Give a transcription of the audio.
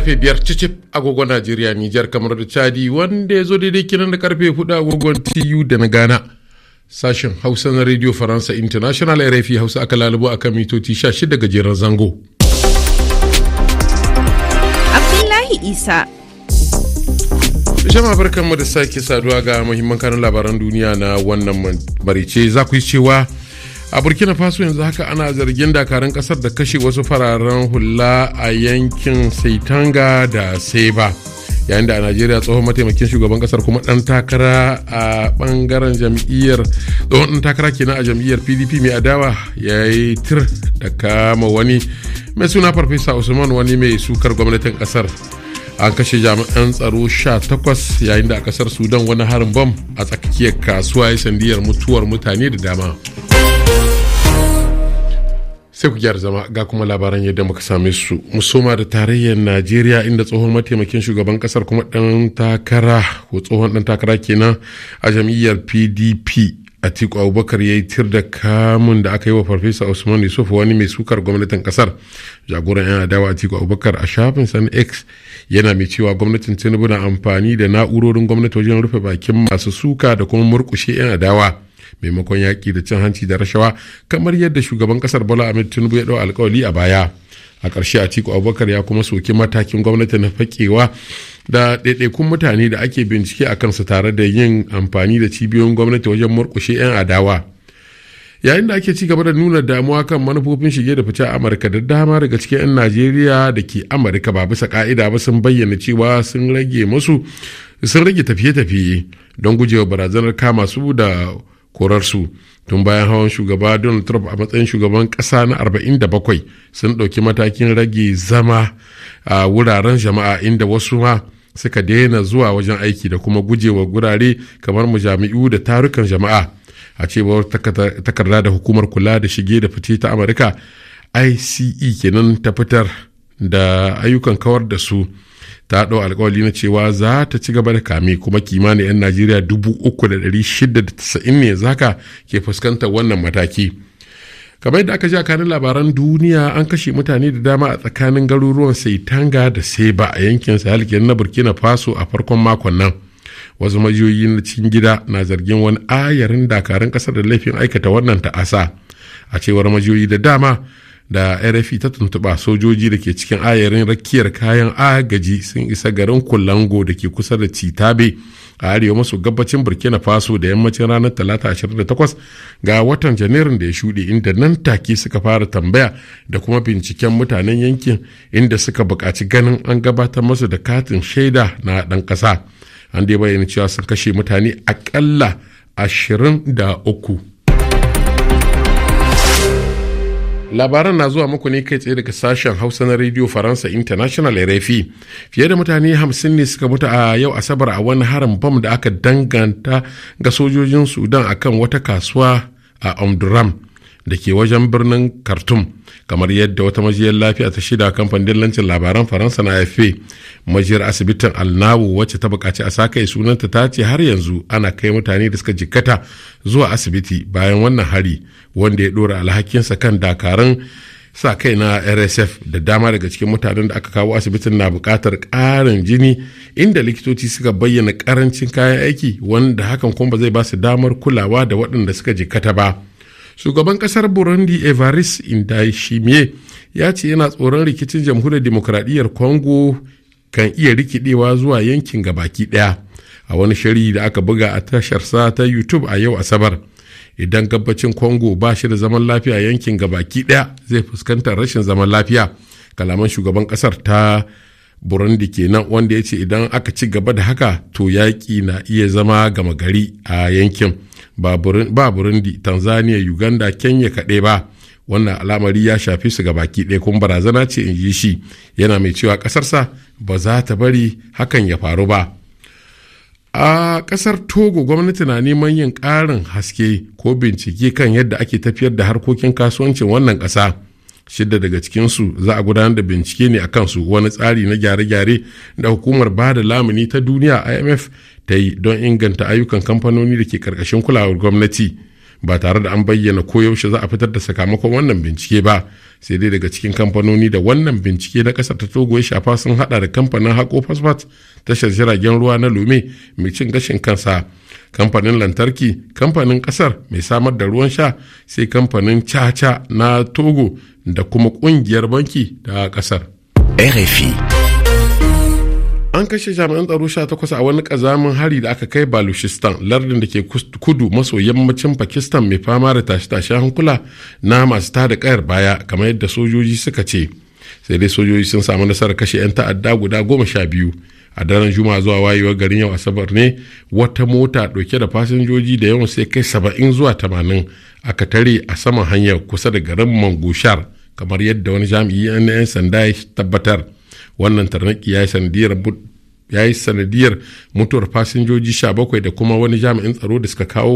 karfe biyar cicip agogon Najeriya Nijar kamar da Chadi wanda ya zo daidai kinan da karfe hudu agogon TU da na Ghana. Sashen Hausa na Radio Faransa International RFI Hausa aka lalubo a kan mitoci 16 gajeren zango. Abdullahi Isa. Jama'a barkanmu da sake saduwa ga muhimman kanun labaran duniya na wannan marice za ku yi cewa a burkina faso yanzu haka ana zargin dakarun kasar da kashe wasu fararen hula a yankin saitanga da seba yayin da a najeriya tsohon mataimakin shugaban kasar kuma dan takara a bangaren jam'iyyar tsohon dan takara kenan a jam'iyyar pdp mai adawa ya yi tir da kama wani mai suna farfesa usman wani mai sukar gwamnatin kasar an kashe jami'an tsaro sha takwas, yayin da a kasar sudan wani harin bom a tsakiyar kasuwa ya sandiyar mutuwar mutane da dama sai ku gyara zama ga kuma labaran yadda muka same su musoma da tarayyar najeriya inda tsohon mataimakin shugaban kasar kuma dan takara ko tsohon dan takara kenan a jam'iyyar pdp atiku abubakar ya yi tir da kamun da aka yi wa farfesa usman yusuf wani mai sukar gwamnatin kasar jagoran yan adawa atiku abubakar a shafin san x yana mai cewa gwamnatin tinubu na amfani da na'urorin gwamnati wajen rufe bakin masu suka da kuma murkushe yan adawa maimakon yaƙi da cin hanci da rashawa kamar yadda shugaban kasar bola ahmed tinubu ya ɗau alkawali a baya a ƙarshe a ciko abubakar ya kuma soki matakin gwamnati na fakewa da ɗaiɗaikun mutane da ake bincike a kansu tare da yin amfani da cibiyoyin gwamnati wajen murƙushe 'yan adawa yayin da ake ci gaba da nuna damuwa kan manufofin shige da fice a amurka da dama daga cikin 'yan najeriya da ke amurka ba bisa ka'ida ba sun bayyana cewa sun rage musu sun rage tafiye-tafiye don gujewa barazanar kama su da korarsu tun bayan hawan shugaba donald trump a matsayin shugaban kasa na 47 sun ɗauki matakin rage zama a wuraren jama'a inda wasu ma suka daina zuwa wajen aiki da kuma gujewa gurare kamar mujami'u da tarukan jama'a a cewar takarda da hukumar kula da shige da fice ta amurka ice kenan ta fitar da ayyukan kawar da su ta ɗau alkawali na cewa za ta ci gaba da kame kuma kimanin 'yan najeriya 3,690 ne zaka ke fuskantar wannan mataki kamar yadda aka ji a kanin labaran duniya an kashe mutane da dama a tsakanin garuruwan saitanga da seba a yankin sahel na burkina faso a farkon makon nan wasu majiyoyi na cikin gida na zargin wani ayarin dakarun kasar da laifin aikata wannan ta'asa a cewar majiyoyi da dama da rfi ta tuntuɓa sojoji da ke cikin ayarin rakiyar kayan agaji sun isa garin kulango da ke kusa da citabe a arewa maso gabacin burkina faso da yammacin ranar talata 28 ga watan janairun da ya shuɗe inda nan take suka fara tambaya da kuma binciken mutanen yankin inda suka buƙaci ganin an gabatar masu da katin shaida na ɗan ƙasa an dai bayyana cewa sun kashe mutane aƙalla 23 labaran na zuwa muku ne kai tsaye daga sashen hausa na radio faransa international rfi fiye da mutane hamsin ne suka mutu a yau asabar a wani harin bom da aka danganta ga sojojin sudan akan wata kasuwa a omduram da ke wajen birnin khartoum kamar yadda wata majiyar lafiya ta shida kamfanin dillancin labaran faransa na afe majiyar asibitin alnawu wacce ta bukaci a sakai sunanta ta ce har yanzu ana kai mutane da suka jikkata zuwa asibiti bayan wannan hari wanda ya dora alhakinsa kan dakarun sa kai na rsf da dama daga cikin mutanen da aka kawo asibitin na bukatar ƙarin jini inda likitoci suka bayyana karancin kayan aiki wanda hakan kuma ba zai ba su damar kulawa da waɗanda suka jikkata ba shugaban kasar burundi evaris indashimie ya ce yana tsoron rikicin jamhuriyar demokradiyyar congo kan iya rikidewa zuwa yankin gabaki daya a wani shari'i da aka buga a tashar sa ta youtube a yau asabar idan gabacin congo ba shi da zaman lafiya yankin gabaki daya zai fuskantar rashin zaman lafiya kalaman shugaban kasar ta burundi kenan wanda ya ce idan aka ci gaba da haka to yaƙi na iya zama gama gari a yankin ba burundi tanzania uganda kenya kaɗai ba wannan al'amari ya shafi su ga baki ɗaya kuma barazana ce in ji shi yana mai cewa ƙasarsa ba za ta bari hakan ya faru ba a ƙasar togo gwamnati na neman yin ƙarin haske ko bincike kan yadda ake tafiyar da harkokin kasuwancin wannan ƙasa shidda daga cikinsu za a gudanar da bincike ne a kansu wani tsari na gyare-gyare da hukumar bada lamuni ta duniya imf ta yi don inganta ayyukan kamfanoni da ke karkashin kulawar gwamnati ba tare da an bayyana ko yaushe za a fitar da sakamakon wannan bincike ba sai dai daga cikin kamfanoni da wannan bincike na kasar ta togo ya shafa sun hada da kamfanin hako fasfat tashar jiragen ruwa na lome mai cin gashin kansa kamfanin lantarki kamfanin ƙasar mai samar da ruwan sha sai kamfanin caca na togo da kuma ƙungiyar banki da ƙasar rfi an kashe jami'an tsaro 18 a wani kazamin hari da aka kai balushistan lardin da ke kudu maso yammacin pakistan mai fama da tashe-tashe hankula na masu tada kayar baya kamar yadda sojoji suka ce sai dai sojoji sun samu nasarar kashe 'yan ta'adda guda goma sha biyu a daren juma zuwa wayewar garin yau asabar ne wata mota dauke da fasinjoji da yawan sai kai saba'in zuwa tamanin aka tare a saman hanyar kusa da garin mangushar kamar yadda wani jami'i 'yan sanda ya tabbatar wannan tarnaki ya yi sanadiyar ya yi sanadiyar mutuwar fasinjoji 17 da kuma wani jami'in tsaro da suka kawo